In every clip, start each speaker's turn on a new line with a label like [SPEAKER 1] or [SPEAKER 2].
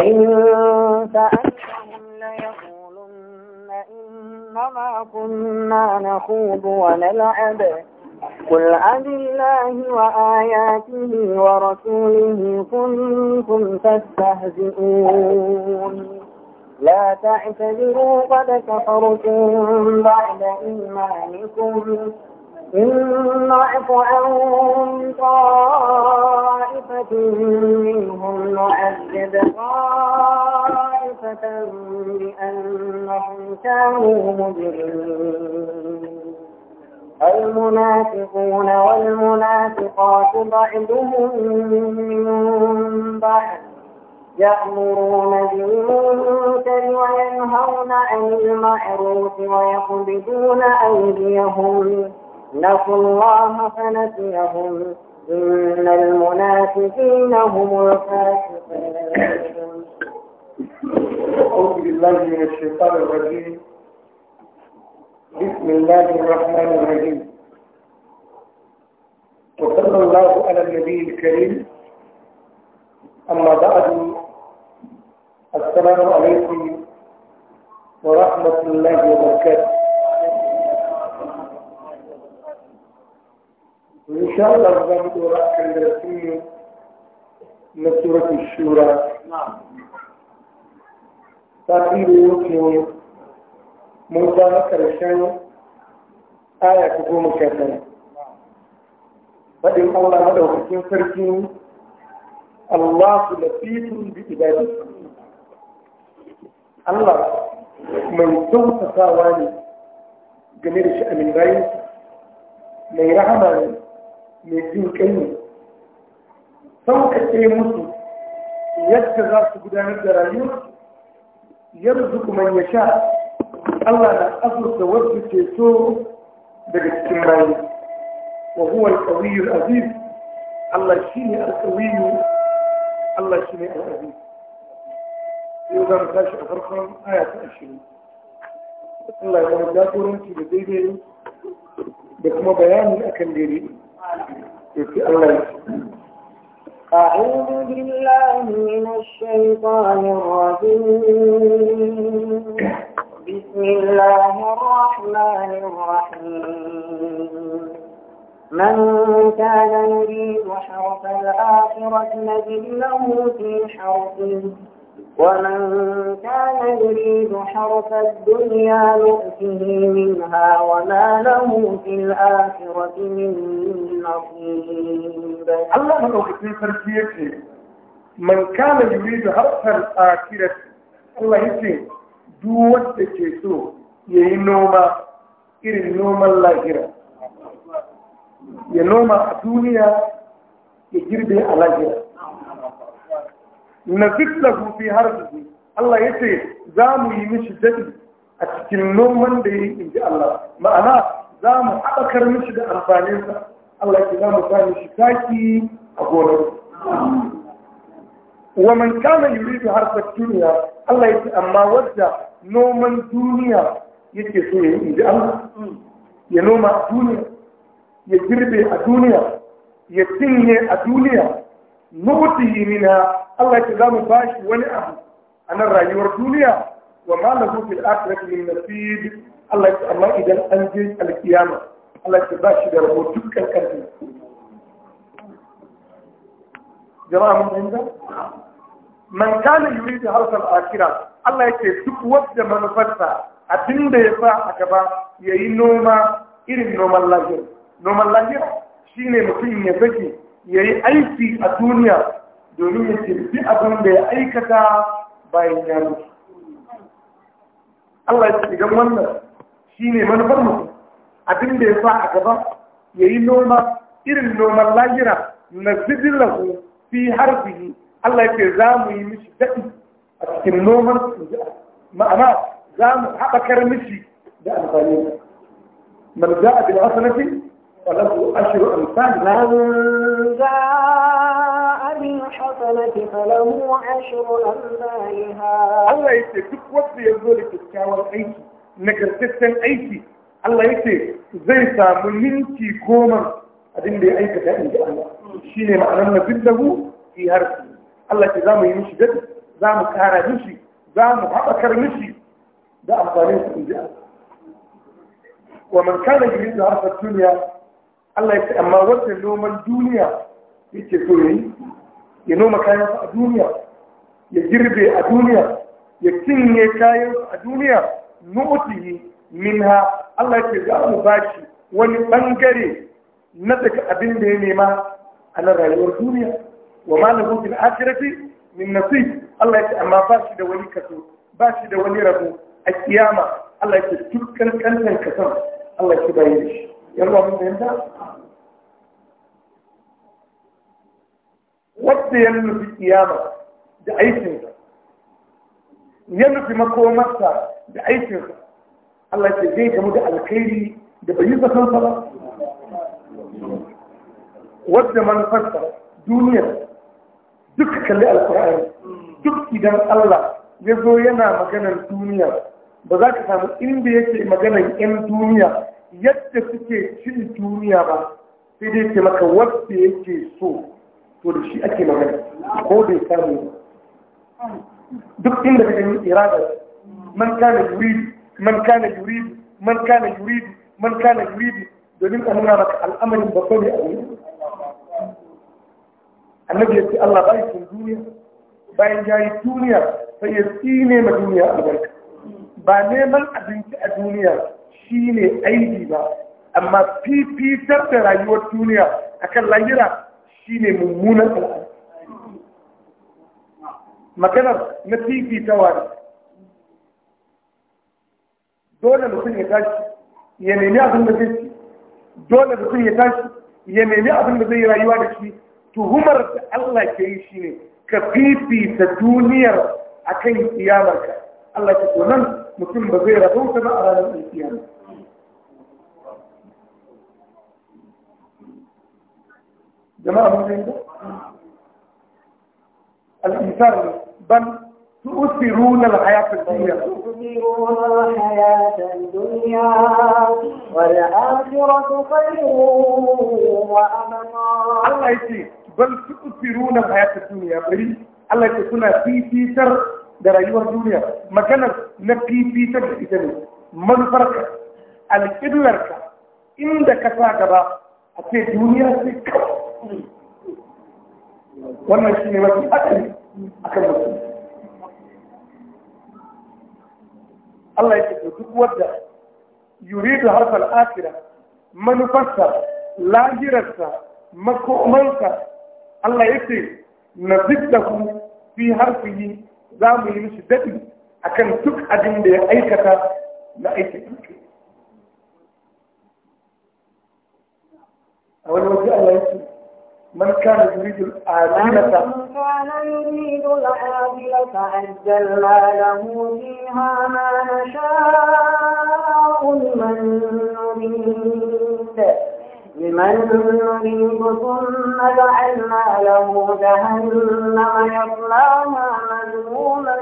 [SPEAKER 1] ولئن ليقولن إنما كنا نخوض ونلعب قل أب الله وآياته ورسوله كنتم تستهزئون لا تعتذروا قد كفرتم بعد إيمانكم إن أطعم طائفة منهم نعذب طائفة بأنهم كانوا مجرمين المنافقون والمنافقات بعضهم من بعض يأمرون بالمنكر وينهون عن المعروف ويقبضون أيديهم نسوا الله فنسيهم إن المنافقين هم
[SPEAKER 2] الفاسقون أعوذ بالله من الشيطان الرجيم بسم الله الرحمن الرحيم وصلى الله على النبي الكريم أما بعد السلام عليكم ورحمة الله وبركاته شاء الله باب الوراء كان من سورة الشورى نعم تقريب يوكي موسى كرشان آية تقوم كاتنا فإن الله هذا وكتين فرجين الله لطيف بإبادته الله من سوء تساواني جميل شأن من غير من رحمه mai jin kai ne musu yadda za su gudanar da rayuwa Yanzu kuma ya sha Allah na azurta wasu ceto daga cikin bayi wa huwa al-qawiyyu aziz Allah shine al-qawiyyu Allah shine al-aziz yau mu tashi a farkon aya ta 20 Allah ya jagoranci da daidai da kuma bayani akan daidai
[SPEAKER 1] أعوذ بالله من الشيطان الرجيم بسم الله الرحمن الرحيم من كان يريد حرف الآخرة نجد له في حرفه ومن كان يريد حرف الدنيا نؤته منها وما له في الآخرة من نصيب
[SPEAKER 2] الله لو أخذني فرسيتي من كان يريد حرف الآخرة الله يسي دوت تشيسو يهي نوما إري نوما اللاهرة نوما الدنيا يجربي اللاهرة fitla lahu fi harbihi Allah ya ce za mu yi mishi dadi a cikin noman da ya in inji Allah ma'ana za mu haɓakar mishi da amfaninsa Allah ya za mu sa mishi taki a gonar wa man kana yuridu harfa duniya Allah ce amma wadda noman duniya yake so ya yi inji Allah ya noma a duniya ya girbe a duniya ya cinye a duniya nutihi mina Allah ce za mu bashi wani abu a nan rayuwar duniya wa ma lahu fil akhirati min nasib Allah ce amma idan an je alkiyama Allah ce ba shi da rabo dukkan kanti jama'a mun fahimta man kana yuridu harsa al-akhirah Allah yake duk wanda manufarsa abinda ya sa a gaba yayi noma irin noman lafiya noman lafiya shine mutum ya zaki yayi aiki a duniya domin ya tafi abin da ya aikata bayan ya mutu Allah ya idan wannan shi ne manufar mutum abin da ya sa a gaba ya yi noma irin noman lahira na zidilahu fi harfihi Allah ya ce za mu yi mishi daɗi a cikin noman ma'ana za mu haɓakar mishi da amfani من جاء بالحسنة فله أشر أمثالها من
[SPEAKER 1] جاء الحسنة فله
[SPEAKER 2] عشر أمثالها الله يسي duk wanda ya zo da kyakkyawan aiki nagartaccen aiki Allah yake zai samu minti goma abin da ya aikata inda Allah shi ne ma'anar na bindahu fi harfi Allah ce za mu yi mishi gadi za mu kara mishi za mu haɓakar mishi da amfanin su inda Allah wa man kana yuridu harfa duniya Allah ya ce amma wannan noman duniya yake so yayi ya noma kayansa a duniya ya girbe a duniya ya cinye kayansa a duniya min minha Allah ke za mu bashi wani bangare na daga abin da ya nema a nan rayuwar duniya wa ma malamu bil akhirati min nasib Allah ya amma bashi da wani kaso bashi da wani rabo a kiyama Allah ya ce dukkan kantan kasan Allah ya bayyana shi yalwa mun fahimta wadda ya nufi kiyama da aikinsa ya nufi makomarsa da aikinsa Allah ce zai gamu da alkhairi da bai yi zakansa ba wadda manufarsa duniyar duk kalli alkur'ani duk idan Allah ya zo yana maganar duniya ba za ka samu inda yake maganar 'yan duniya yadda suke cin duniya ba sai dai ke maka wadda yake so to da shi ake magana ko bai samu duk inda ka yi irada man kana yuridu man kana yuridu man kana yuridu man kana yuridu domin a nuna maka al'amarin babba ne a yi annabi ya ce Allah bai kin duniya bayan ya yi duniya sai ya tsine ma duniya albarka ba neman abinci a duniya shine ne aiki ba amma fifitar da rayuwar duniya akan lahira ne mummunan al'adu maganar na ta wari dole mutum ya tashi ya nemi abin da zai ci dole mutum ya tashi ya nemi abin da zai rayuwa da shi tuhumar da Allah ke yi shi ne ka fifita duniyar a kan kiyamarka Allah ke nan mutum ba zai rabauta ba a ranar kiyama جماعة الإنسان بل تؤثرون الحياة الدنيا تؤثرون الحياة الدنيا والآخرة
[SPEAKER 1] خير الله
[SPEAKER 2] أيتي بل تؤثرون الحياة الدنيا بل الله يكون في تيتر أيها الدنيا مكان في تيتر إذن من فرق إن عندك ساقبا حتى الدنيا سيكو wannan shi ne mafi akali kan mutum Allah ya ce duk wadda yuridu harfar akira manufarsa lahirarsa makomansa Allah ya ce na ku fi harfihi za mu yi mishi daɗi akan duk abin da ya aikata na aiki a wani wasu Allah ya ce من كان يريد العاجلة
[SPEAKER 1] من له فيها ما نشاء لمن نريد لمن نريد ثم جعلنا له جهنم يصلاها مذموما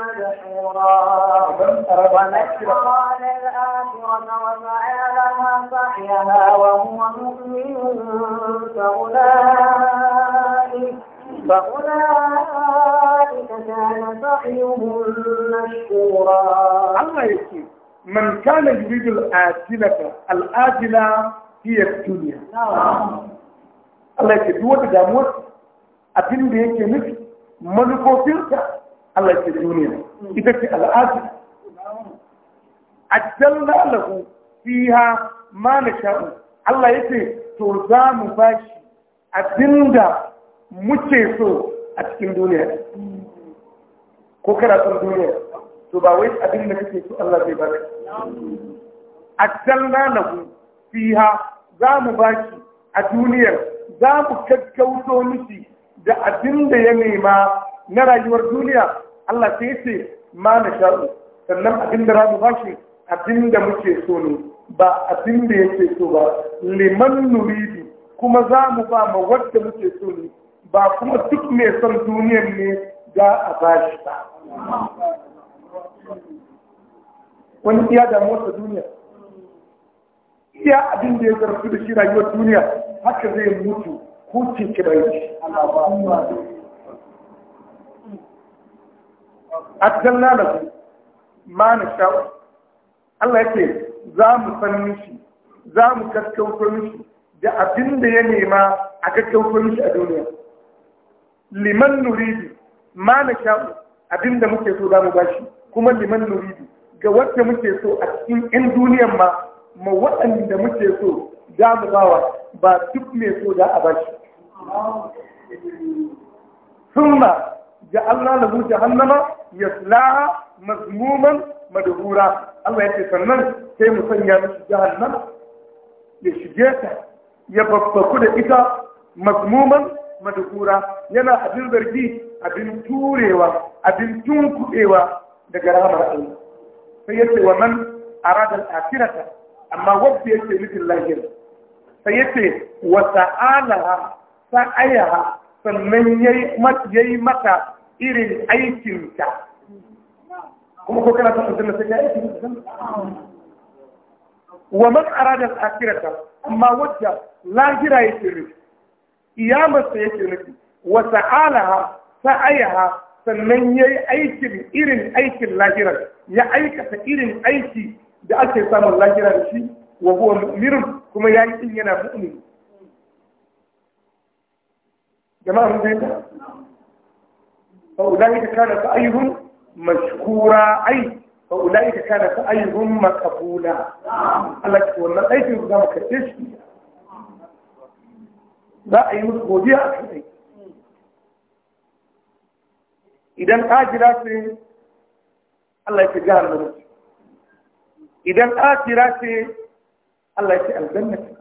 [SPEAKER 1] مدحورا فأولئك كان
[SPEAKER 2] مشكورا الله من كان يريد الآجلة الآجلة هي الدنيا الله ya ce duk wata damuwar abin da yake Allah ya ce duniya ita ce al'adu ajjalna lahu fiha ma sha'u Allah ya ce to za mu bashi abinda muke so a cikin duniya ko karatun duniya to ba wai abin da kake so Allah zai baka ajjalna lahu fiha za mu bashi a duniyar za mu kakkauto miki da abin da ya nema na rayuwar duniya Allah sai ce ma na sha'u sannan abin da rabu ba shi abin da muke so ne ba abin da yake so ba liman nuridi kuma za mu ba ma wadda muke so ne ba kuma duk mai son duniyar ne za a ba shi ba wani iya damu wata duniya iya abin da ya zarfi da shi rayuwar duniya haka zai mutu ko ce kira shi ajjalna lahu mana nasha'u Allah yake za mu san mishi za mu kakkauto mishi da abin da ya nema a kakkauto mishi a duniya liman nuridi ma nasha'u abin da muke so za mu bashi kuma liman nuridi ga wacce muke so a cikin 'yan duniyan ma ma waɗanda muke so za mu bawa ba duk mai so da a bashi. Sunna Allah ja'alna mu jahannama yaslaha mazmuman madhura Allah ya ce sannan sai mu sanya mishi jahannama ya shige ta ya babbaku da ita mazmuman madhura yana abin zargi abin turewa abin tunkuɗewa daga ramar Allah sai ya ce wa man arada al-akhirata amma wanda yake nufin lahira sai ya ce wa sa'alaha sa'ayaha sannan yayi mata irin aikinka kuma ko kana son da sai ka yi wa man arada al-akhirata amma wajja lahira yake nufi iyamarsa yake ne wa sa'alaha sa'ayaha sannan ya yi aikin irin aikin lahirar ya aikata irin aiki da ake samun lahira da shi wa huwa mu'minun kuma ya yi yana mu'min jama'a mun ga فأولئك كان سعيهم مشكورا أي فأولئك كان سعيهم مقبولا الله يقول لك أي شيء قدامك إيش لا أي مصبودية أكثر إذا آجرات الله يتجاهل منك إذا آجرات الله يتجاهل منك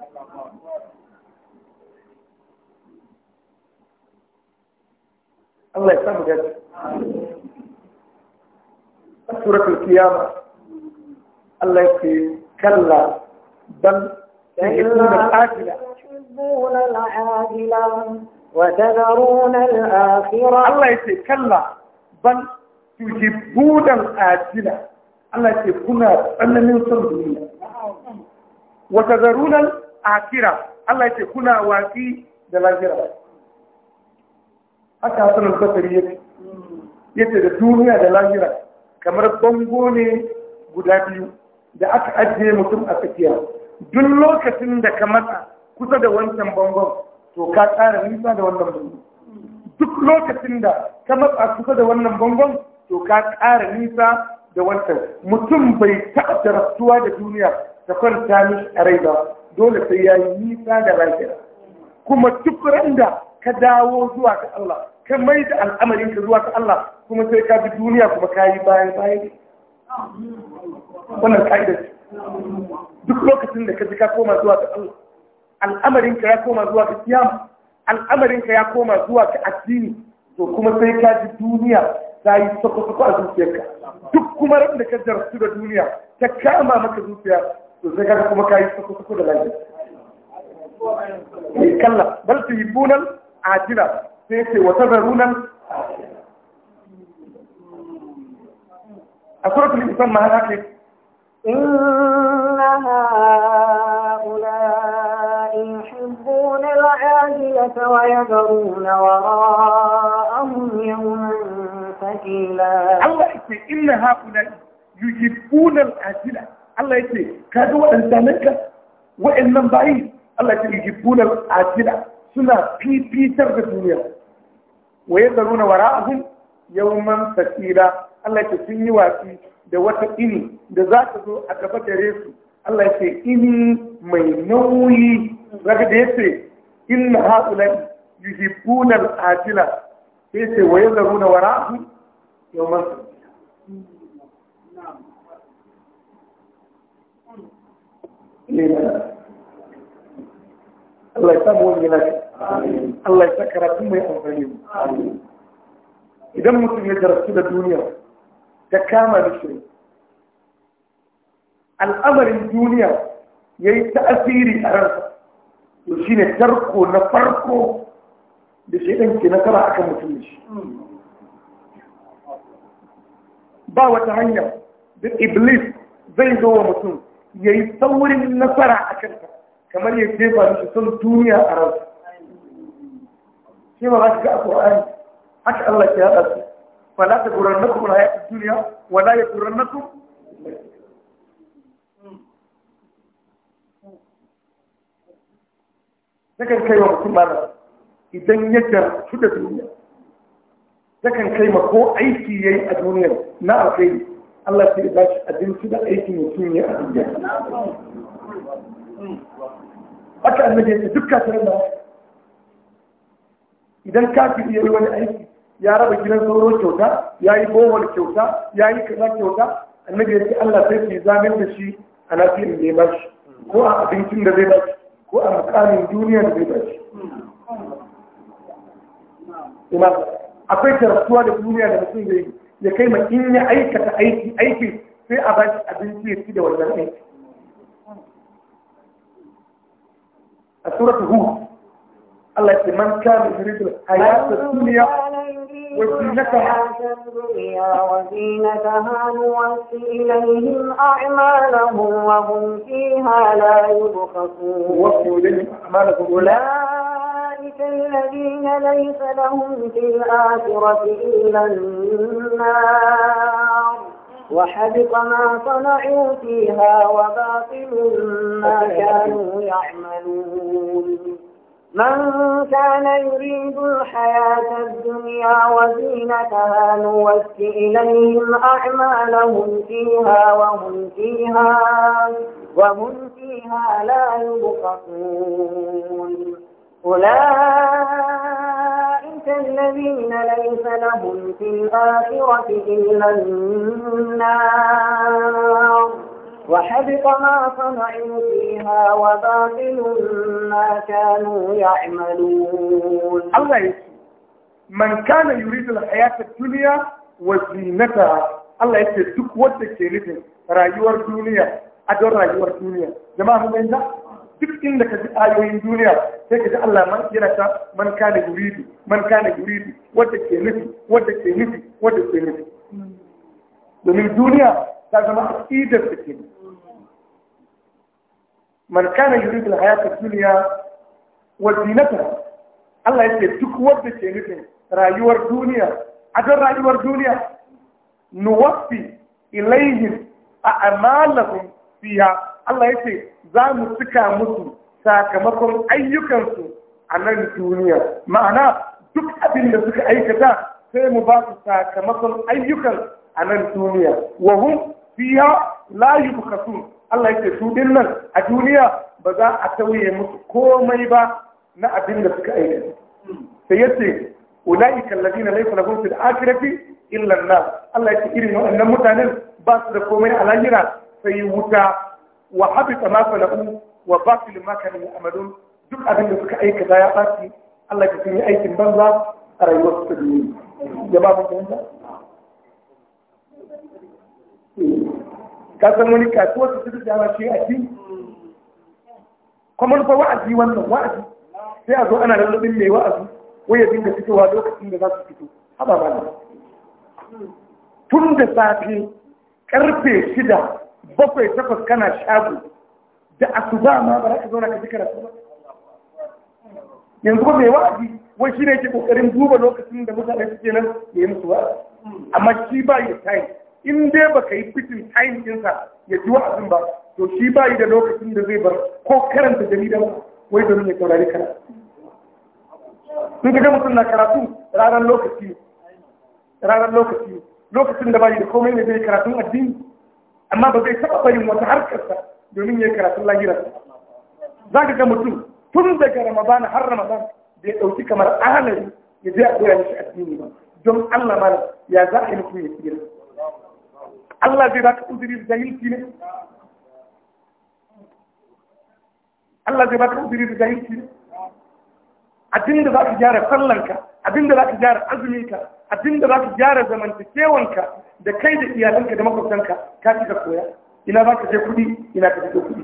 [SPEAKER 2] Allah ya samu gaji suratul kiyama Allah ya ce kalla dan يحبون العاجلة
[SPEAKER 1] يحبون العاجلة
[SPEAKER 2] وتذرون الآخرة الله يقول كلا بل ce kuna tsananin son duniya. Wata zarunan akira, Allah ce kuna waki da lafiya. haka hasan al-basri yace da duniya da lahira kamar bango ne guda biyu da aka ajiye mutum a tsakiya duk lokacin da ka matsa kusa da wancan bangon to ka tsara nisa da wannan bangon duk lokacin da ka matsa kusa da wannan bangon to ka tsara nisa da wancan mutum bai taɓa rasuwa da duniya ta kwanta mishi a rai ba dole sai ya yi nisa da lahira kuma duk ran da ka dawo zuwa ka Allah ka mai da al'amarin ka zuwa ka Allah kuma sai ka bi duniya kuma ka yi bayan bayan wannan ka'ida ce duk lokacin da ka ji ka koma zuwa ga Allah al'amarin ka ya koma zuwa ga kiyama al'amarin ka ya koma zuwa ga addini to kuma sai ka ji duniya ta yi sako-sako a zuciyarka duk kuma da ka jarsu da duniya ta kama maka zuciya to sai ka kuma ka yi sako da lafiya kalla bal su yi عاجلة سيسي ce أسرة tazaruna a هل insan
[SPEAKER 1] إن هؤلاء يحبون العاجلة ويذرون وراءهم يوما ثقيلا الله يسي
[SPEAKER 2] إن هؤلاء يحبون العاجلة الله يسي كادوا أنسانك وإن من بعيد الله يقول يحبون العاجلة suna fifitar da duniya wa ya zaruna Yau yawman sakira Allah ya sun yi watsi da wata ini da za ta zo a gaba gare su Allah ya ce ini mai nauyi daga da ya ce inna haɗulan yuhibbuna ajila sai ce wa ya zaruna wara'ahum yawman sakira Yeah. الله يسامه ويلاك الله يسكر ثم يقوم بليم إذا مسلم يجرس كل الدنيا تكامل الشيء الأمر الدنيا يأي تأثيري أرسا يشين تركو نفركو بشيء أنت نكرا أكمل في الشيء باوة عينة بإبليس زيدو ومسلم يأي تصور النصر أكمل kamar ya jefa su sun duniya a rasu shi ma za su ga a ƙwa'ani haka Allah ke haɗa su fala ta kuma alhayatid duniya wa na su Zakan kai wa mutum mana idan yadda su da duniya zakan kai ma ko aiki ya yi a duniya, na alkhairi Allah sai ya bashi abinci da aikin mutum ya a duniya haka annabi ya duk kafirin da idan kafiri ya yi wani aiki ya raba gidan sauro kyauta ya yi bohol kyauta ya yi kaza kyauta annabi ya ce Allah sai ke yi zamin da shi a lafiyar da ya ba shi ko a abincin da zai ba shi ko a mukamin duniya da zai ba shi akwai tarasuwa da duniya da mutum zai ya kai ma in ya aikata aiki aiki sai a ba shi abinci ya ci da wannan aiki سورة هود الله يقول من كان يريد الحياة الدنيا
[SPEAKER 1] وزينتها وزينتها نوفي إليهم أعمالهم وهم فيها لا
[SPEAKER 2] يبخسون وفي إليهم أعمالهم
[SPEAKER 1] أولئك الذين ليس لهم في الآخرة إلا النار وحبط ما صنعوا فيها وباطل ما كانوا يعملون من كان يريد الحياة الدنيا وزينتها نوفي إليهم أعمالهم فيها وهم فيها وهم فيها لا يبخسون أولئك الذين ليس لهم في الآخرة إلا النار وحبط ما صنعوا فيها وباطل ما كانوا يعملون الله
[SPEAKER 2] من كان يريد الحياة الدنيا وزينتها الله ya ce duk wanda ke nufin أدور duniya a جماعة rayuwar duniya duk inda ka ji ayoyin duniya sai ka ji Allah man yana ta man kana yuridu man kana yuridu wanda ke nufi wanda ke nufi wanda ke nufi domin duniya ta zama aqidar ta ke man kana yuridu al-hayata dunya wa zinataha Allah yake duk wanda ke nufin rayuwar duniya a adon rayuwar duniya nuwaffi ilayhim a amalahum fiha Allah ya ce za mu cika musu sakamakon ayyukansu a nan duniya ma'ana duk abin da suka aikata sai mu ba su sakamakon ayyukan a nan duniya wa hum fiha la yubkhasun Allah ya ce su din nan a duniya ba za a tauye musu komai ba na abin da suka aikata sai yace ulaika alladhina laysa lahum fil akhirati illa an-nar Allah ya ce irin wannan mutanen ba su da komai a lahira sai wuta wa habita ma sana'u wa batil ma kanu amalun duk abin da suka aikata ya ɓaci Allah ya sanya aikin banza a rayuwar su duniya ya ba mu fahimta ka san wani kasuwa su su da shi a cikin kuma fa wa'azi wannan wa'azi sai a zo ana lallabin mai wa'azi wai ya dinga fitowa lokacin da za su fito haba ba tun da safe karfe shida bakwai takwas kana shago da asuba ma ba za ka zauna ka ji karatu ba yanzu ba mai wa'azi wai shi ne ke kokarin duba lokacin da mutane ke nan ya yi musu ba amma shi ba yi time in dai ba ka yi fitin time ɗinsa ya ji wa'azin ba to shi ba yi da lokacin da zai bar ko karanta jarida ba wai domin ya saurari karatu sun ka ga mutum na karatu ranar lokaci ranar lokaci lokacin da ba yi da komai ne zai karatun addini amma ba zai taɓa barin wata harkarsa domin ya karatun lahirarsa za ka ga mutum tun daga ramadan har ramadan bai ɗauki kamar ahalari ya je a koya mishi addini ba don Allah mana ya za a yi mutum ya tsira Allah zai baka uzuri da jahilci ne Allah zai baka uzuri da jahilci ne da za ka gyara sallanka da za ka gyara abin da za ka gyara zamantakewanka da kai da iyalanka da makwabtanka ka fi ka koya ina za ka je kuɗi ina ka fito kuɗi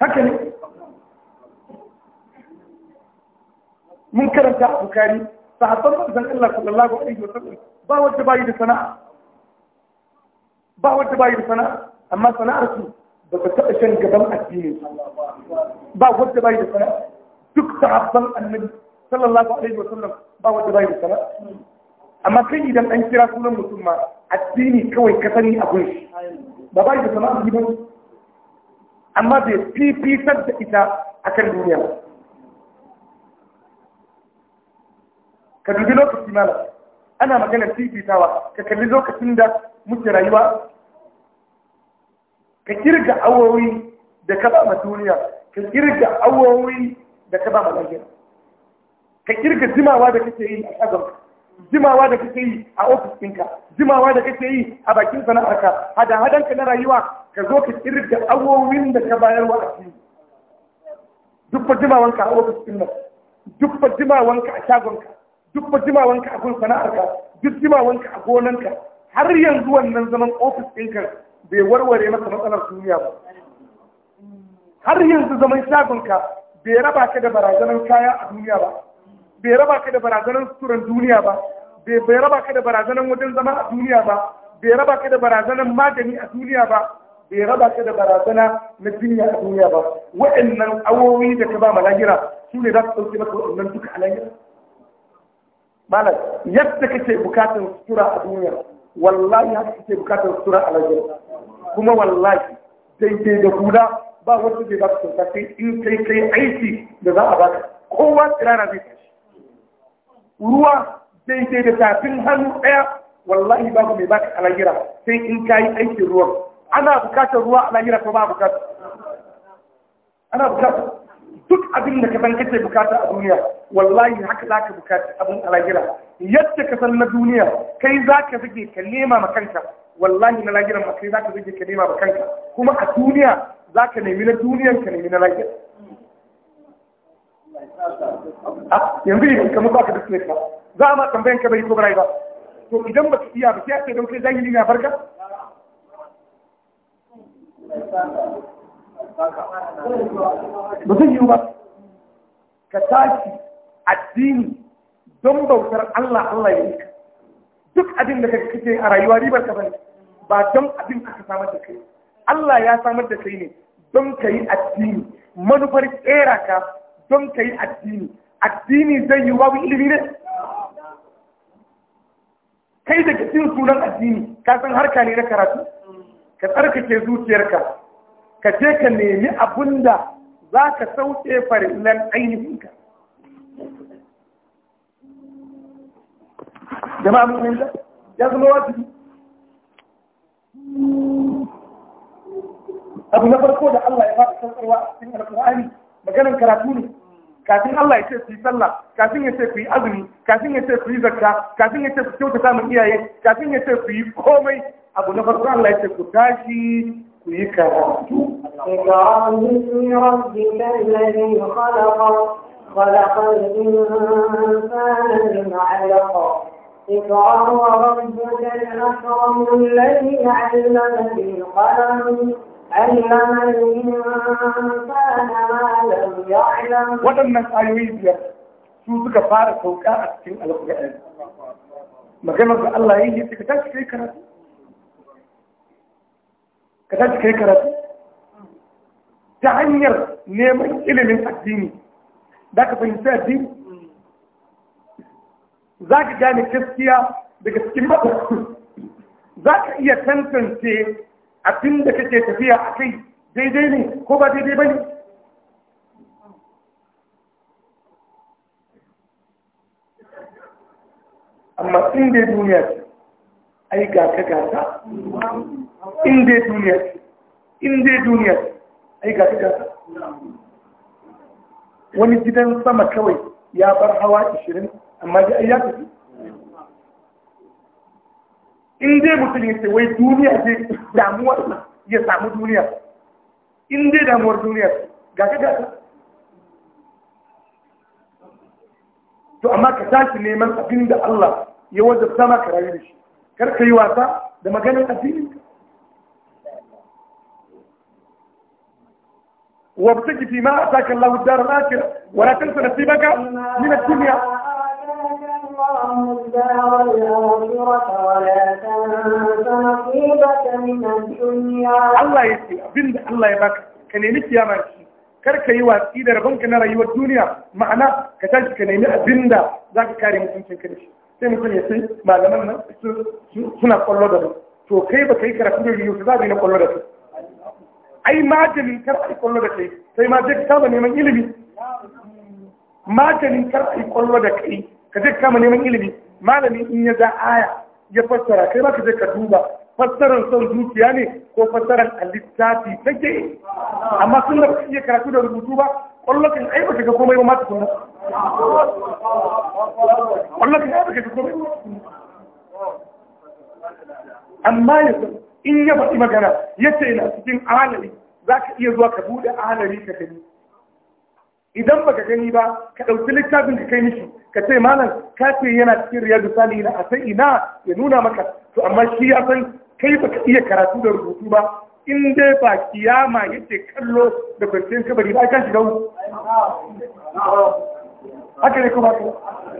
[SPEAKER 2] haka ne mun karanta a bukari sahabban manzon Allah sallallahu alaihi wasallam ba wanda bayi da sana'a ba wanda bayi da sana'a amma sana'ar su ba ta taɓa shan gaban addini ba wanda bayi da sana'a duk sahabban annabi sallallahu alaihi wa sallam ba amma kai idan an kira sunan mutum ma addini kawai ka sani a gunshi ba bai da sala amma bai fifitar da ita akan duniya ka dubi lokaci malam ana maganar fifitawa ka kalli lokacin da muke rayuwa ka kirga awowi da ka ba ma duniya ka kirga awowi da ka ba ma duniya ka kirga jimawa da kake yi a shagon jimawa da kake yi a ofis ɗinka jimawa da kake yi a bakin sana'arka hada hadanka na rayuwa ka zo ka kirga awowin da ka bayarwa a cikin duk fa jimawanka a ofis ɗin duk fa jimawanka a shagonka duk fa jimawanka a gun sana'arka duk jimawanka a gonanka har yanzu wannan zaman ofis ɗinka bai warware maka matsalar duniya ba har yanzu zaman shagonka bai raba ka da barazanar kaya a duniya ba bai raba ka da barazanar suturan duniya ba bai raba ka da barazanar wajen zama a duniya ba bai raba ka da barazanar magani a duniya ba bai raba ka da barazana na duniya a duniya ba waɗannan awowi da ka ba ma lahira su ne za su ɗauke maka waɗannan duka a lahira malam yadda kake bukatar sutura a duniya wallahi haka kake bukatar sutura a lahira kuma wallahi daidai da hula ba wanda zai ba ka kyauta in kai kai aiki da za a baka kowa tsirara zai ruwa daidai da tafin hannu ɗaya wallahi babu mai baka alagira sai in kayi aikin ruwan ana bukatar ruwa alagira ko ba bukatar ana bukatar duk abin da ka san kake bukata a duniya wallahi haka za ka bukata abin alagira yadda ka san na duniya kai za ka zage ka nema ma kanka wallahi na lagira ma kai za ka zage ka nema ma kanka kuma a duniya za ka nemi na duniyan ka nemi na lagira Ah, yanzu idan ka mutu ka displace ba za a ma tambayan ka bai ko bai ba to idan ba su iya ba sai ake don kai zahiri na farka ba zai yiwu ba ka tashi addini don bautar Allah Allah ya yi ka duk abin da kake a rayuwa ribar ka bane ba don abin ka samar da kai Allah ya samar da kai ne don ka yi addini manufar tsera ka don ka yi addini addini zai yi wawi ilimi ne kai da ka cin sunan addini ka san harka ne na karatu ka tsarkake zuciyarka ka je ka nemi abin da za ka sauke farillan ainihinka jama'a mun da ya zama wajibi abu na farko da Allah ya ba faɗa sarkarwa a cikin alƙur'ani maganar karatu ne kafin Allah ya ce ku yi sallah kafin ya ce ku yi azumi kafin ya ce ku yi zakka kafin ya ce ku kyauta samun iyaye kafin ya ce ku yi komai abu na farko Allah ya ce ku tashi ku yi karatu
[SPEAKER 1] خلق الإنسان من علق اقرأ وربك الأكرم الذي علم
[SPEAKER 2] waɗannan ayoyi biyar su suka fara sauka a cikin alƙur'ani maganar da Allah yi ne suka tashi kai karatu ka tashi kai karatu ta hanyar neman ilimin addini da ka fahimci addini za ka gane gaskiya daga cikin matsatsu za ka iya tantance abin da kake tafiya a kai daidai ne ko ba daidai ba ne amma inda ya duniya ce ai gata gata inda ya duniya ce inda ya duniya ce ai gata gata wani gidan sama kawai ya bar hawa 20 amma ya ai ya tafi in dai mutum ya ce wai duniya ce damuwar ya samu duniya in dai damuwar duniya ga ka gasa to amma ka tashi neman abin da Allah ya sama ka rayu da shi kar ka yi wasa da maganar ataka Allahu dar al-akhirah wa la tansa nasibaka min من dunya
[SPEAKER 1] وارزقهم الدار الآخرة ولا تنس نصيبك من
[SPEAKER 2] الدنيا الله يسي أبين الله يبارك كان يمك يا ماشي kar ka yi watsi da rabon ka na rayuwar duniya ma'ana ka tashi ka nemi abin da za ka kare mutuncin ka da shi sai mutum ya sai malaman nan suna kwallo da mu to kai ba ka yi karatu da yiwu za ka yi na kwallo da su ai maganin kar a yi kwallo da kai sai ma zai saba neman ilimi maganin kar a yi kwallo da kai ka je kama neman ilimi malami in ya ga aya ya fassara kai ba ka je ka duba fassarar son zuciya ne ko fassarar a littafi take amma sun da iya karatu da rubutu ba kwallakin ai ba ga komai ba ma tukuna kwallakin ai ba ga komai amma yanzu in ya faɗi magana ya ce na cikin alali za ka iya zuwa ka buɗe alali ka gani idan baka gani ba ka ɗauki littafin ka kai mishi ka ce malam ka ce yana cikin riyadu na a sai ina ya nuna maka to amma shi ya san kai ka iya karatu da rubutu ba in dai ba kiyama yake kallo da kwanciyar kabari ba ka shiga wuce haka ne kuma ka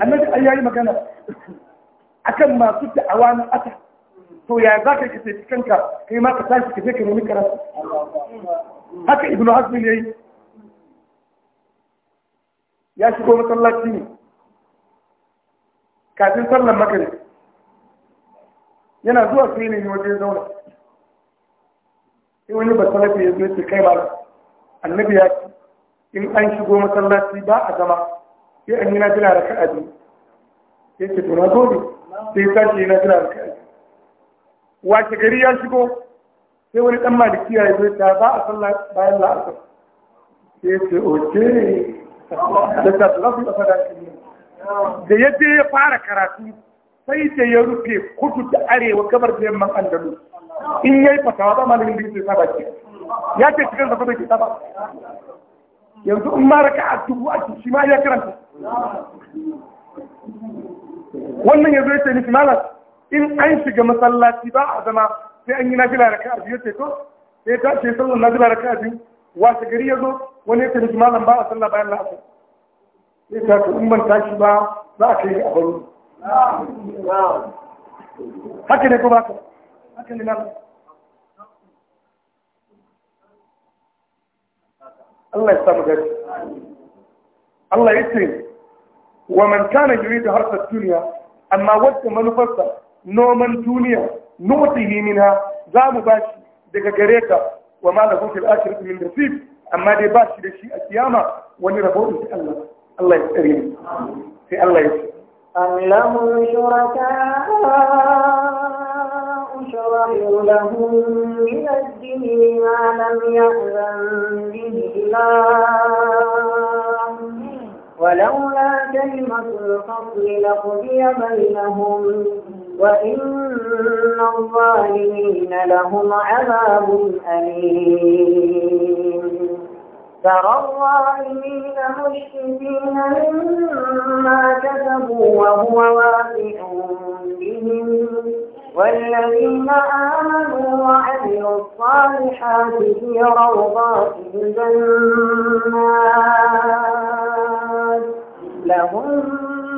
[SPEAKER 2] annabi ai yayi magana akan masu da'awa na asa. to ya za ka kace ka kai ma ka tashi ka je ka nemi karatu haka ibnu hazmi yayi ya shigo masallaci ne kafin sallar makare yana zuwa yi ne waje zauna sai wani basalafi ya zo ce kai ba annabi ya ce in an shigo masallaci ba a zama sai an yi na jira da ka'adi Ya sai ce to na sai ne sai sashi yi na jira da ka'adi wace gari ya shigo sai wani dan malikiya ya zo ta ba a sallah bayan la'asar sai ce oke da ya je ya fara karatu sai da ya rufe kudu da arewa gabar da yamman andalu in ya yi fatawa ba malamin da ya yake sa baki ya ce cikin zafi da ke saba yanzu in ma raka a dubu a shi ma ya karanta wannan yanzu ya ce nufi malas in an shiga masallaci ba a zama sai an yi na nafila raka a biyu ce to sai ta ce sallan nafila raka a biyu wasu gari ya zo wani ya tafi malam ba a sallah bayan lafi ne ta ka umar ta tashi ba za a kai a baro haka ne ko ba ka haka ne malam Allah ya mu gari Allah ya ce wa man kana yuridu harsa duniya amma wacce manufarsa noman duniya nutihi minha za mu bashi daga gare ka وما له في الآخرة من نصيب أما دي باش لشيء القيامة ونربوه في الله الله يسرين في الله يسرين أم لهم
[SPEAKER 1] شركاء شرعوا لهم من الدين ما لم يأذن به الله ولولا كلمة الفضل لقضي بينهم وإن الظالمين لهم عذاب أليم ترى الظالمين مشركين مما كسبوا وهو واقع بهم والذين آمنوا وعملوا الصالحات في روضات الجنات لهم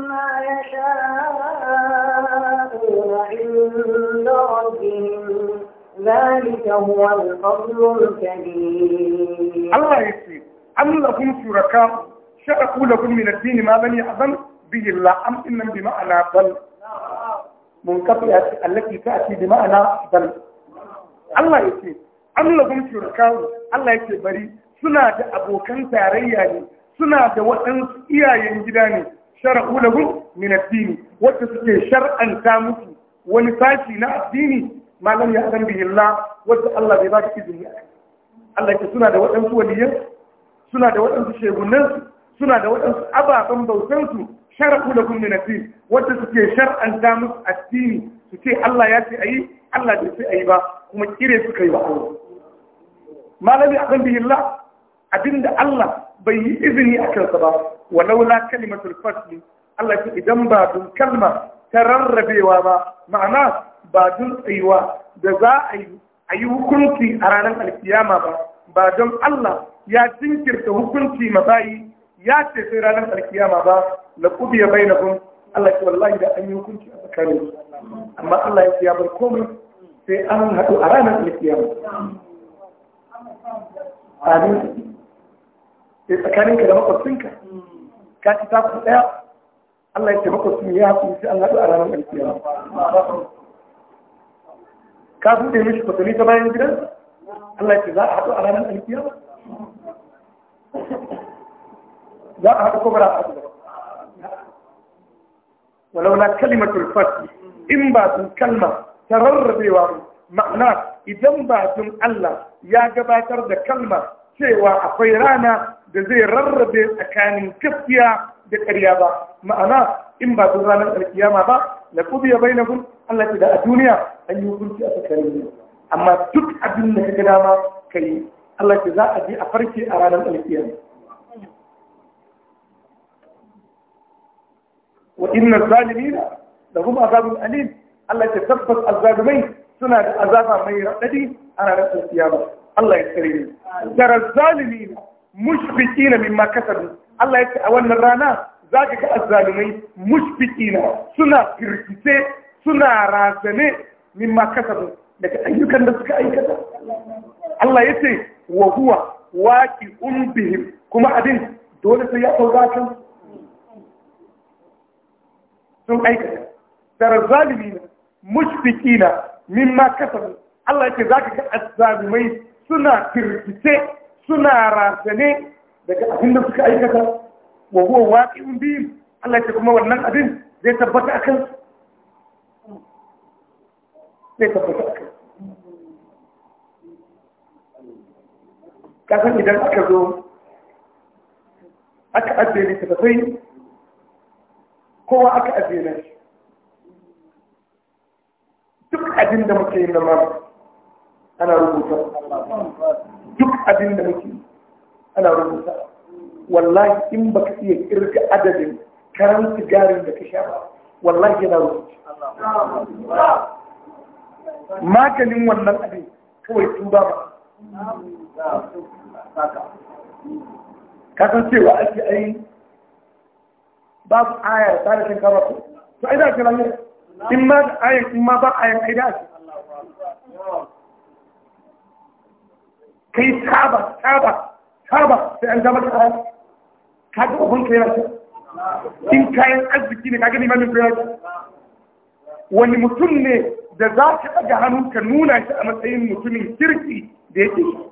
[SPEAKER 1] ما يشاءون يكون عند ربهم ذلك
[SPEAKER 2] هو الفضل الكبير الله يكفي أم لكم شركاء شركوا لكم من الدين ما لم يأذن به الله أم إن بمعنى بل منقطعة التي تأتي بمعنى بل Allah ya ce, an lagun shurkawu, Allah ya ce bari suna da abokan tarayya ne, suna da waɗansu iyayen gida ne, shara'u lagun min addini wacce suke shar'anta muku wani sashi na addini malam ya san bihi Allah wacce Allah bai ba ki izini Allah ya suna da waɗansu waliyan suna da waɗansu shegunan suna da waɗansu ababen bautan su da lakum min addini wacce suke shar'anta muku addini su ce Allah ya ce ayi Allah bai ce ayi ba kuma kire suka yi wa Allah malam ya san bihi Allah abinda Allah bai yi izini a kansa ba walaula kalimatul fasli Allah ce idan ba dun kalma ta rarrabewa ba ma'ana ba dun tsayuwa da za a yi a yi hukunci a ranar alkiyama ba ba don Allah ya jinkirta hukunci mabayi ya ce sai ranar alkiyama ba la kubiya bainakum Allah ce wallahi da an yi hukunci a tsakanin amma Allah ya ce ya bar komai sai an haɗu a ranar alkiyama amin sai tsakaninka da makwabcinka ka ci ku ɗaya الله يتبقى سمياكم إن شاء الله أدو أرانا الأنسيان كافر تهمش قتلية ما ينجر الله يتبقى أدو أرانا الأنسيان لا أدو كبرا ولولا كلمة الفتح إن بعد كلمة ترر بيوار معنى إذن بعد الله يا جباتر ده كلمة سيوا أخيرانا ده زي رر بيوار أكان كفيا da ƙarya ba ma'ana in ba tun ranar alkiyama ba la qudiya bainahum Allah ya da a duniya an yi hukunci a tsakanin amma duk abin da kaga dama kai Allah ya za a je a farke a ranar alkiyama wa inna zalimina lahum azabun alim Allah ya tabbas azabumai suna da azaba mai raɗaɗi a ranar alkiyama Allah ya tsare ni tara zalimina mushfiqina mimma kasabu Allah ya ce a wannan rana za ka ga azzalumai na suna firkice suna razane ma kasabu daga ayyukan da suka aikata Allah ya ce wa huwa waqi'un umbihim kuma abin dole sai ya sauka kan sun aikata tara na, min ma kasabu Allah ya ce za ka ga azzalumai suna firkice suna razane daga abin da suka aikata wa huwa waqi'un bihim Allah ya kuma wannan abin zai tabbata akan zai tabbata akan kasan idan aka zo aka ajiye tafai, kowa aka ajiye ne duk abin da muke yi na ana rubuta duk abin da muke yi ana rubuta wallahi in baka iya kirga adadin karan sigarin da ka sha ba wallahi yana rubuta maganin wannan abin kawai tuba ba ka san cewa ake ai ba su aya da tarihin kama ku to ai da ke lafiya in ma da ayan in ma ba ayan ai da ake kai saba saba haba sai an zama tsara ka ga uban ka yana in kayan arziki ne ka ga limamin ka yana wani mutum ne da za ka ɗaga hannu ka nuna shi a matsayin mutumin kirki da yake shi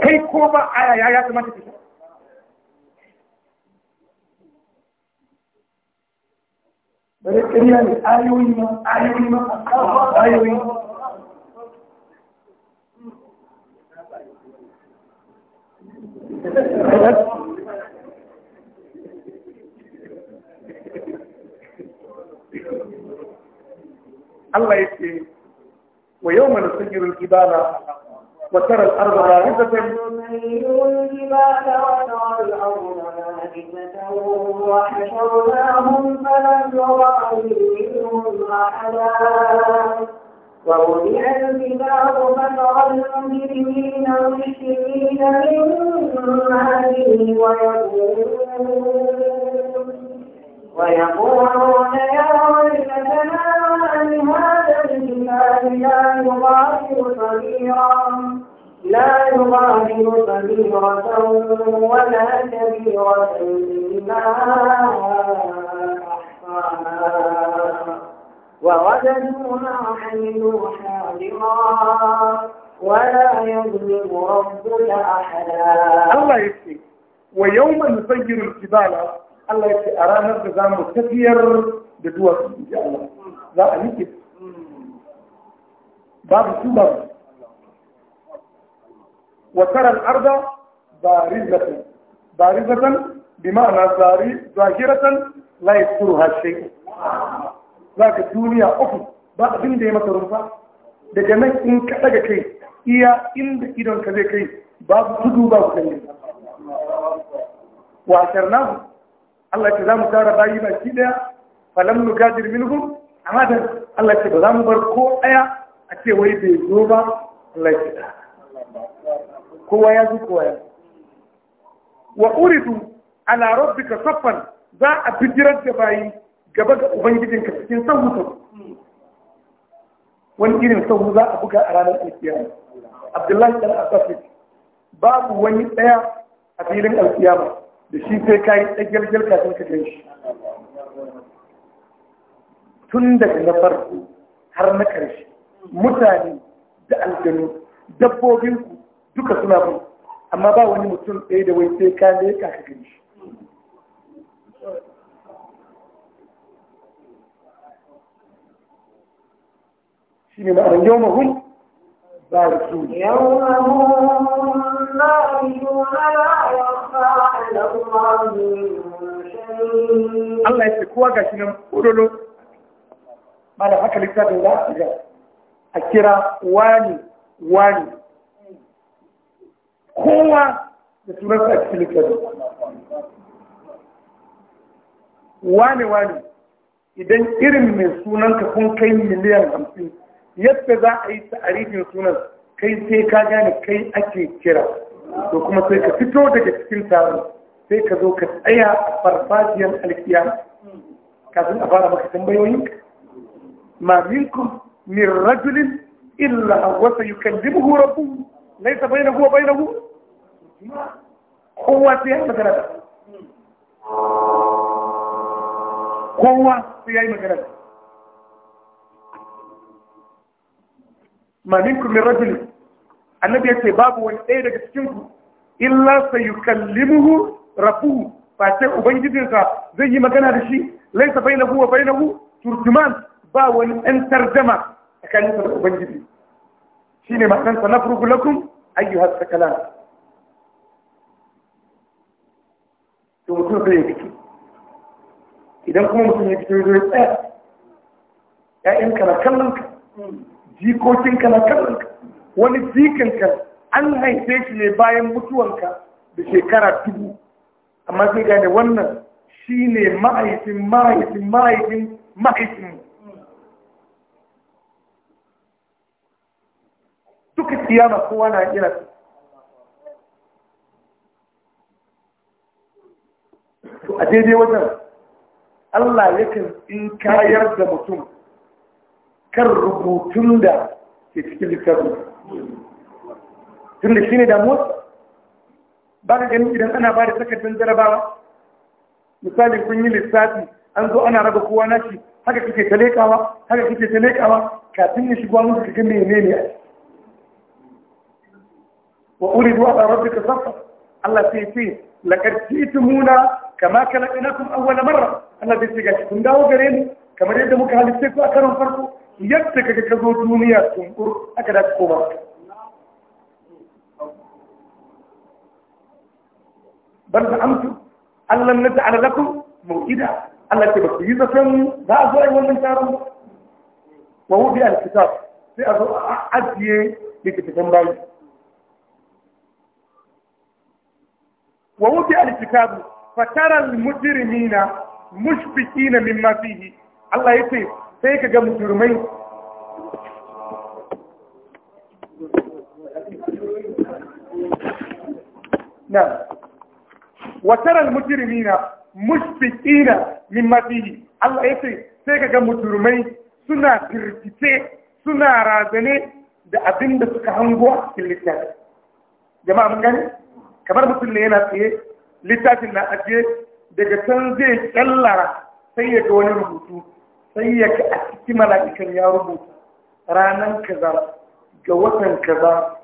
[SPEAKER 2] kai ko ba aya ya kamata ka shi Bari ƙirya ne ayoyi ma, ayoyi ma, ayoyi. الله يكفي ويوم نسجر الجبال وترى الأرض بارزة
[SPEAKER 1] وحشرناهم فلم يرى منهم أحدا ووضع الكتاب فترى المجرمين مشركين مما فيه ويقولون يا ويلتنا لهذا الكتاب لا لا يغادر صغيرة ولا كبيرة إلا أحصاها ووجدوا ما عملوا حاضرا
[SPEAKER 2] ولا يظلم ربك أحدا الله يكفي ويوم نسير الجبال الله يكفي أرانا الغزام تسير بدوك إن شاء الله لا أنكب باب سوبر وترى الأرض بارزة بارزة بمعنى ظاهرة لا يذكرها شيء zaka duniya uku ba abin da ya masa rumfa daga nan in ka daga kai iya inda idon ka zai kai babu tudu ba ku kalli wa sharnahu Allah ce za mu tara bayi baki daya falam nugadir minhum amadan Allah ce ba za mu bar ko daya a ce wai bai zo ba Allah ce kowa ya zo kowa ya wa uridu ala rabbika saffan za a bijirar da bayi gaba ga ka cikin san mutum wani irin sahu za a buga a ranar alkiyama abdullahi dan abbas babu wani daya a filin alkiyama da shi sai kai tsakiyar jirka sun ka gan tun daga na farko har na karshe mutane da aljanu dabbobinku duka suna bin amma ba wani mutum ɗaya da wai sai ka leka ka gan shi shi ne ma'anar yau mahun ba da su yau Allah ya ce kowa ga shi nan ƙudolo ba da haka littafin za a shiga a kira wani wani kowa da sunansa a cikin littafin wani wani idan irin mai sunanka kun kai miliyan hamsin yadda za a yi ta'arifin sunan kai sai ka gane kai ake kira to kuma sai ka fito daga cikin taron sai ka zo ka tsaya a farfajiyar alkiya kafin a fara maka tambayoyin ma minkum min rajulin illa wasa yukallimuhu rabbuhu laysa bainahu wa bainahu kowa sai ya magana kowa sai ya yi magana ma min rajul annabi yace babu wani ɗaya daga cikin ku illa sayukallimuhu rabbuhu fa sai ubangijinsa zai yi magana da shi laysa bainahu wa bainahu turjuman ba wani ɗan tarjama tsakanin sa da ubangiji shine ma'anar sa nafrugu lakum ayyuha sakalan to mutum zai yi biki, idan kuma mutum ya fito ya zo ya tsaya ya'yanka na kallon ka jikokinka na kanka wani jikinka an haife shi ne bayan mutuwanka da shekara dubu amma sai gane wannan shi ne ma'aikin, ma'aikin, ma'aikin, ma'aikin. duka kiyama kowa na irin a daidai wajen Allah yakan in kayar da mutum kan rubutun da ke cikin littafin tun da shi ne damuwa ba ka ganin idan ana ba da takardun jarabawa misali kun yi lissafi an zo ana raba kowa shi haka kake ta haka kake ta kafin ya shigo musu ka ne ne ne wa a ala ka safa Allah sai ce laqad muna, kama khalaqnakum awwala marra Allah sai ce ga kun dawo gare ni kamar yadda muka halitta ku a karon farko yadda kaga ka zo duniya tunkur aka da koma bal da amtu Allah na ala lakum mu'ida. Allah ce ba ku yi zaton ba a zo ai wannan taron wa wudi al-kitab sai a zo a ajiye likitan bayi wa wudi al-kitab tara al-mujrimina mushfiqina mimma fihi Allah yace sai ka ga musulmai na wataral mujrimina mushfiqina mimma fihi Allah yace sai ka ga musulmai suna firtice suna razane da abin da suka hango a cikin littafi jama'a mun gani kamar musulmi yana tsaye littafin na ajiye daga can zai kyallara sai ya ga wani rubutu sai ya ka a cikin mala'ikan ya rubuta ranar kaza ga watan kaza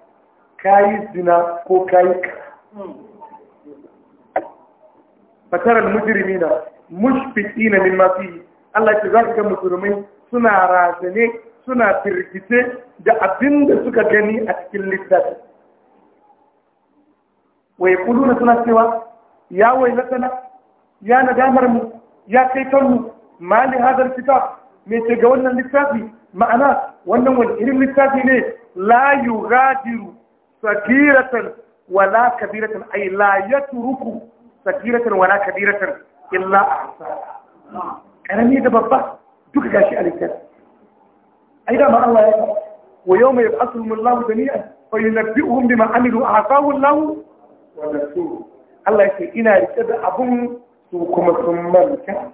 [SPEAKER 2] ka yi zina ko ka yi ka fatarar mujirmi na mushfiki na mimmafi Allah ce za ka ga musulmai suna razane suna firgite da abin da suka gani a cikin littafi wai kulu na suna cewa ya wai latana ya nadamar mu ya kai kanmu ma li hadar kitab me ce ga wannan littafi ma'ana wannan wani irin littafi ne la yughadiru sakiratan wala kabiratan ay la yatruku sakiratan wala kabiratan illa ahsaha karami da babba duka gashi a littafi ai da ma Allah ya ce wa yawma yab'athuhum Allahu jami'an fa yunabbi'uhum bima amilu ahsahu Allah wa rasuluhu Allah ya ce ina rike da abun su kuma sun manta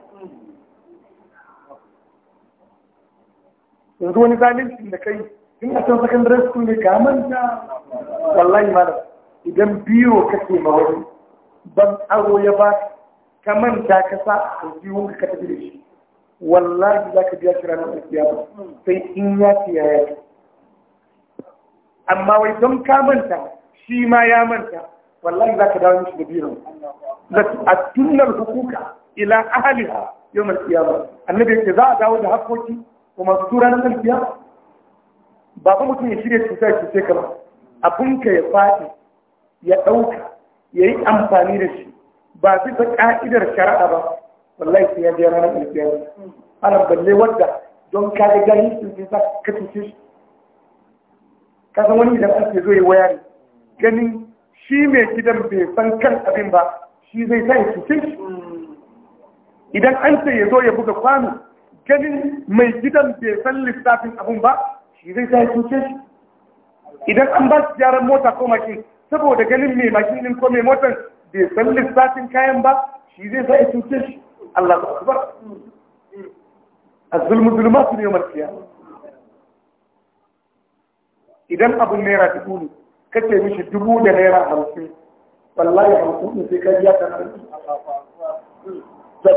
[SPEAKER 2] yanzu wani zalincin da kai in a can secondary school ne ka manta wallahi malam idan biyo kake ma wani ban aro ya ba ka manta ka sa a wanka ka tafi da shi wallahi za ka biya kira na tafiya ba sai in ya ce ya amma wai don ka manta shi ma ya manta wallahi za ka dawo mishi da biyan da a tunnar hukuka ila ahaliha yau mai kiyama annabi ya za a dawo da hakoki kuma tura na tafiya ba ba mutum ya shirya cuta ya cuce ka ba ka ya faɗi ya ɗauka ya yi amfani da shi ba ta ƙa'idar shari'a ba wallahi sai ya biya ranar alfiya ana balle wadda don ka ga gani sun sa ka cuce shi ka san wani idan ake zo ya waya ne ganin shi mai gidan bai san kan abin ba shi zai sa ya cuce shi idan an ce ya zo ya buga kwano ganin mai gidan bai san lissafin abun ba shi zai sa cuce shi idan an ba shi gyaran mota ko mashin saboda ganin mai mashin ko mai motar bai san lissafin kayan ba shi zai sa cuce shi Allah ku akbar azulmu zulmatu ne ya qiyamah idan abun naira dubu ne kace mishi dubu da naira hamsin wallahi hamsin sai ka biya ta nan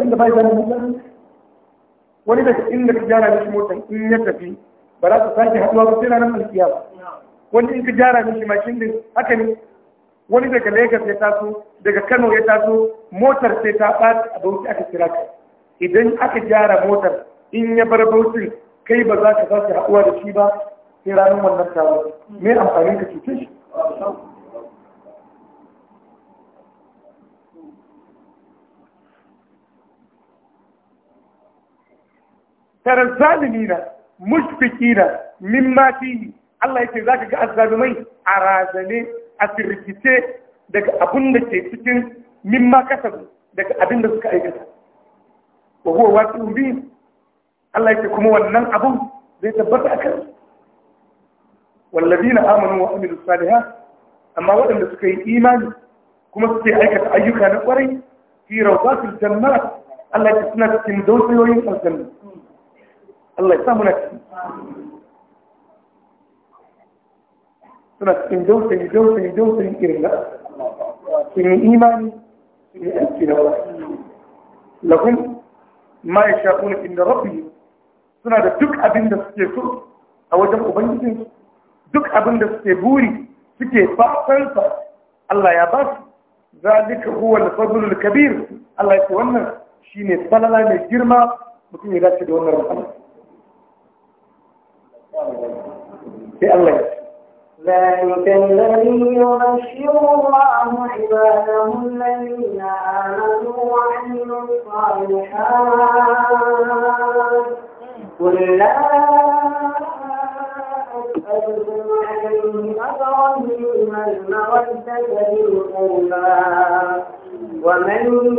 [SPEAKER 2] da bai zan mutane wani daga inda ka gyara mishi motan in ya tafi ba za su sake haɗuwa ba sai ranar alkiya ba wani in ka gyara mishi mashin din haka ne wani daga Legas ya taso daga Kano ya taso motar sai ta ɓaci a Bauchi aka kira ka idan aka gyara motar in ya bar Bauchi kai ba za ka sake haɗuwa da shi ba sai ranar wannan taro me amfanin ka cuce shi tarar zalimina mushfikina mimma fihi Allah yake zaka ga azzalumai a razane a firgice daga abun da ke cikin mimma kasabu daga abin da suka aikata wa huwa wasi'un bi Allah yake kuma wannan abun zai tabbata a kan wallazina amanu wa amilu salihat amma waɗanda suka yi imani kuma suke aikata ayyuka na kwarai fi rawdatil jannat Allah ya suna cikin dausayoyin aljanna Allah ya sa muna ciki suna cikin dausayi dausayi dausayi irin na sun yi imani sun yi aiki na wasu lahum ma ya shafuna inda rabbi suna da duk abin da suke so a wajen ubangijin duk abin da suke buri suke fatansa Allah ya ba su zalika huwa al-fadlu al-kabir Allah ya ce wannan shine falala mai girma mutum ya dace da wannan rubutun
[SPEAKER 3] في
[SPEAKER 1] ذلك الذي يبشر الله عباده الذين آمنوا وعملوا الصالحات قل لا أسألكم عليه أجرا إلا المودة بالقربى ومن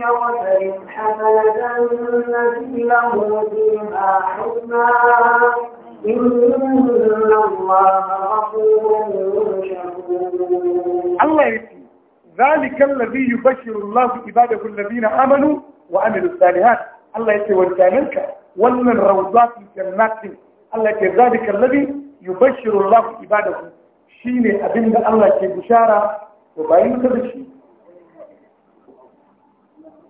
[SPEAKER 1] يقترف حسنة نزل له فيها حسنا Allah
[SPEAKER 2] ya ce, Zalikan labi yi bashirun lafi ibadakun labi na Amanu wa amilu salihat. Allah ya ce, Wancananka wannan rauzatun jannatin. Allah ya ce, Zalikan labi yi bashirun lafi ibadakun. Shi ne abin da Allah ke bishara da bayan ka da shi.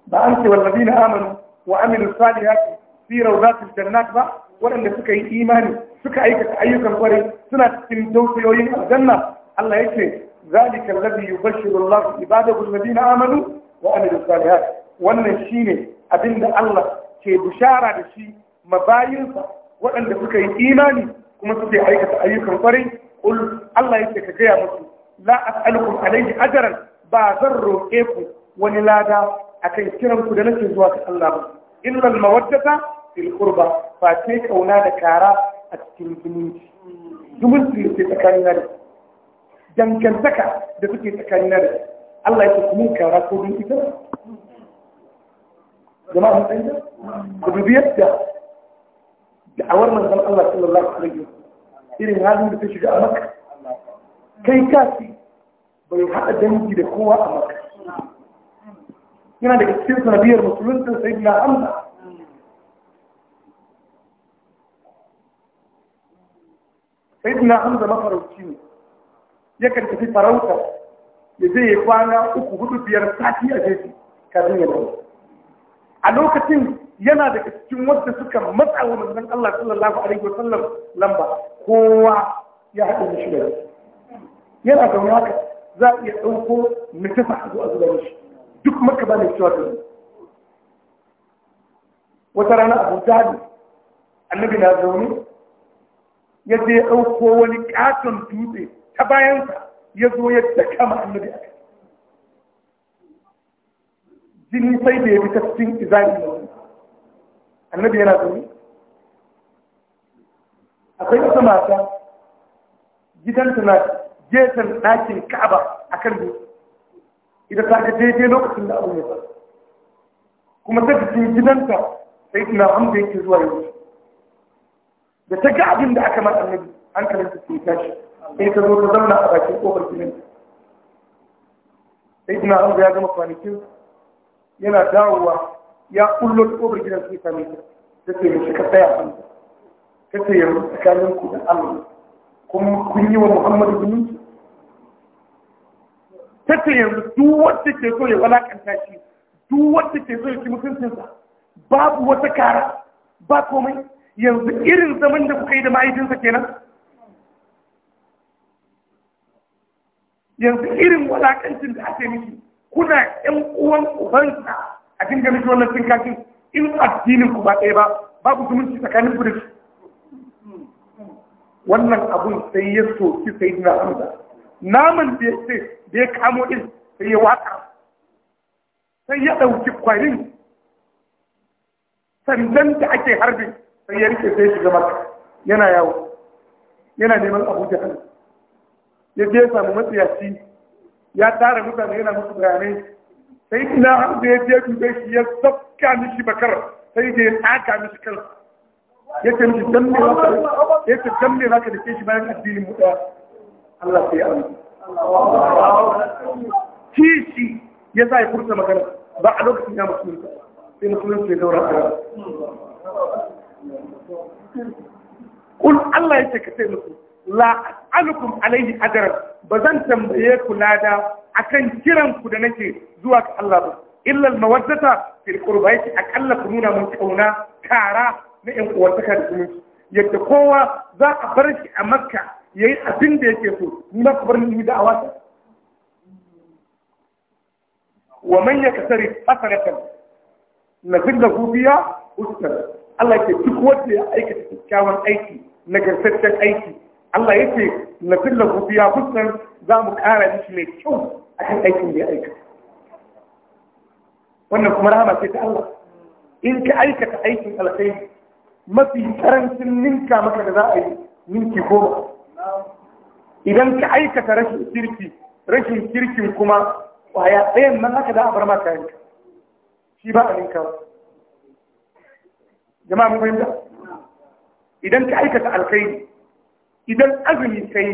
[SPEAKER 2] Ba an ce, Wallabi na Amanu wa amilu salihat fi rauzatul jannat ba? waɗanda suka yi imani suka aikata ayyukan kwarai suna cikin tausayoyin aljanna Allah ya ce zalika alladhi yubashshiru Allah ibadahu alladhina amanu wa amilu salihat wannan shine abinda Allah ke bishara da shi mabayinsa waɗanda suka yi imani kuma suke aikata ayyukan kwarai qul Allah ya ce ka gaya musu la as'alukum alayhi ajran ba zan roƙe ku wani lada akan kiran ku da nake zuwa ga Allah ba illa al-mawaddata في القربة فأتيت أونا دكارا أتكلمني جمل في التكنر جم كان زكا دفتي التكنر الله يتكلمون كارا كودين كتا جماعة مستعيدة قبل جا دعوار من ذلك الله صلى الله عليه وسلم إذا هذا يتشجع أمك كي كاسي بيوحا أدنك دخوة أمك هنا دكتير نبي المسلمين سيدنا عمنا sai ina hamza mafarauci ne ya yakan tafi farauta ya zai ya kwana uku hudu biyar sati a jeji kafin ya dawo a lokacin yana daga cikin wanda suka matsa wa manzon Allah sallallahu alaihi wasallam lamba kowa ya haɗu da shi da yana da haka za a iya ɗauko mutafa a zuwa zuwa shi duk maka ba mai cewa da wata rana abu jahali annabi na zaune ya je ya ɗauko wani ƙaton dutse ta bayansa ya zo ya daka ma annabi a jini sai da ya bi ta cikin izari da wani annabi yana A akwai wata mata gidanta na gefen ɗakin ka'aba a kan dutse ita ta ga daidai lokacin da abu ya faru kuma ta gidanta sai ina hamza yake zuwa yanzu da ta ga abin da aka ma annabi an kalin ta ke tashi sai ta zo ta zauna a bakin kofar gidan sai ina an ya gama kwanakin yana dawowa ya kullo ta kofar gidan sai same ta ta ce mishi ka tsaya an ta ce yanzu tsakanin ku da Allah kuma kun yi wa Muhammadu zumunci ta ce yanzu duk wanda ke so ya walakanta shi duk wanda ke so ya ci mutuncinsa babu wata kara ba komai yanzu irin zaman da kuka yi da mahaifinsa kenan yanzu irin walakancin da ake miki kuna ƴan uwan ubansa a dinga miki wannan cin sinkafin in addinin ku ba ɗaya ba babu zumunci tsakanin ku da shi wannan abun sai ya soki sai na hamza naman da ya kamo din sai ya waka sai ya ɗauki kwarin sandan da ake harbin sai ya rike sai shiga maka yana yawo yana neman abu jahal ya je samu matsiyaci ya tara mutane yana musu bayanai sai ina har da ya je dube shi ya sauka mishi bakar sai da ya tsaka mishi kan ya ce mishi dan me zaka ya ce dan me da ke shi bayan addinin mu daya Allah sai ya kishi ya sa ya furta magana ba a lokacin ya musulunta sai musulunci ya daura a Kul Allah yake ka ce musu, La alukum alaihi ba zan tambaye ku lada akan kiran ku da nake zuwa ga Allah ba. Illa al-mawaddata fil qurba yake akalla ku nuna mun kauna kara na ƴan uwantaka da zumunci. Yadda kowa za a bar shi a Makka yayi abin da yake so, ni ma ku bar ni da awata. Wa man yakasari na nazillahu biha ustara Allah ke duk wanda ya aikata kyakkyawan aiki na nagartaccen aiki Allah ya ce na filla ya husnan za mu ƙara mishi mai kyau a kan aikin da ya aikata wannan kuma rahama ce ta Allah in ka aikata aikin alkhairi mafi karancin ninka maka da za a yi ninki goma idan ka aikata rashin kirki rashin kirkin kuma kwaya ɗayan nan haka da a bar maka yanka shi ba a ninka jama'a mun fahimta idan ka aikata alkhairi idan azumi kai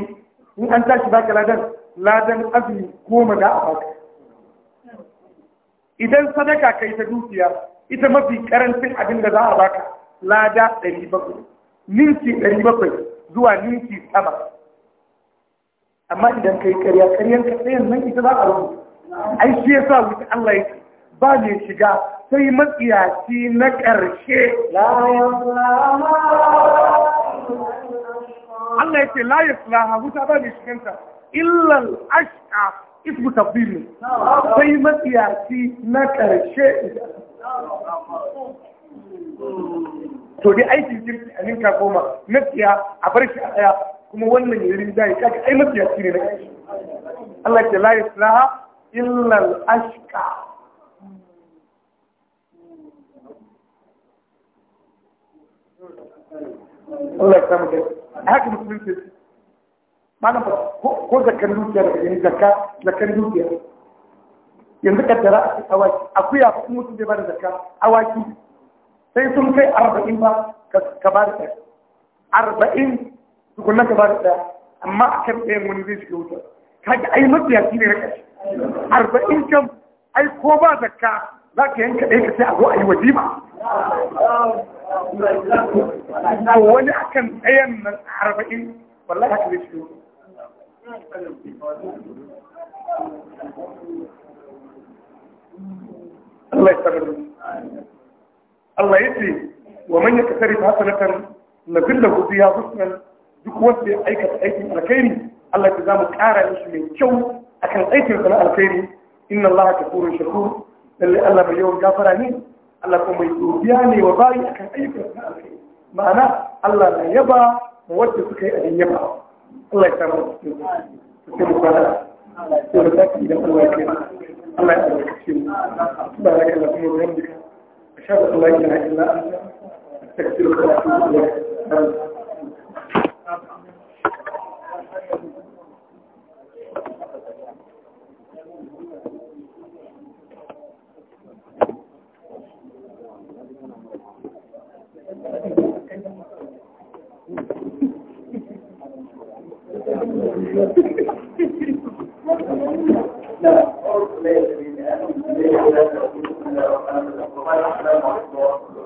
[SPEAKER 2] in an tashi baka ladan ladan azumi goma da a baka idan sadaka kai ta dukiya ita mafi karancin abin da za a baka lada ɗari bakwai ninki ɗari bakwai zuwa ninki sama amma idan kai karya karyan ka tsayin nan ita za a rubuta ai shi yasa wuta Allah ya ba ne shiga sai matsiyaci na ƙarshe Allah ya ce la yaslaha wuta ba mai shiganta illal ashka ismu tabbil sai matsiyaci na ƙarshe to dai aikin kirki a ninka goma na tsiya a bar shi a ɗaya kuma wannan yirin jari kaga ai matsiyaci ne na ƙarshe Allah ya ce la yaslaha illal ashka. Allah ya samu da haka musulunci malam ko zakar dukiya daga yin zakka zakar dukiya yanzu kaddara awaki akuya ko mutum bai bada zakka awaki sai sun kai arba'in ba ka ba da ɗaya arba'in tukunan ka ba da ɗaya amma a kan ɗayan wani zai shiga wuta kaga ai mafiya shi ne na ƙarshe arba'in kan ai ko ba zakka za ka yanka ɗaya ka sai a zo a yi wajima الله يستمر الله يدري ومن يتكرف حسنة نقول له فيها حسنا بقوات بأيكة أيتي الكيري الله يتزام كارا من شو أكن أيتي الكيري إن الله كفور شكور اللي ألا بيوم جافراني Allah kuma mai godiya ne wa bayi akan ayyukan sa ma'ana Allah na yaba wadda suka yi abin yaba Allah ya samu cikin su sai idan Allah ya kai Allah ya mu Allah kuma
[SPEAKER 3] Thank you.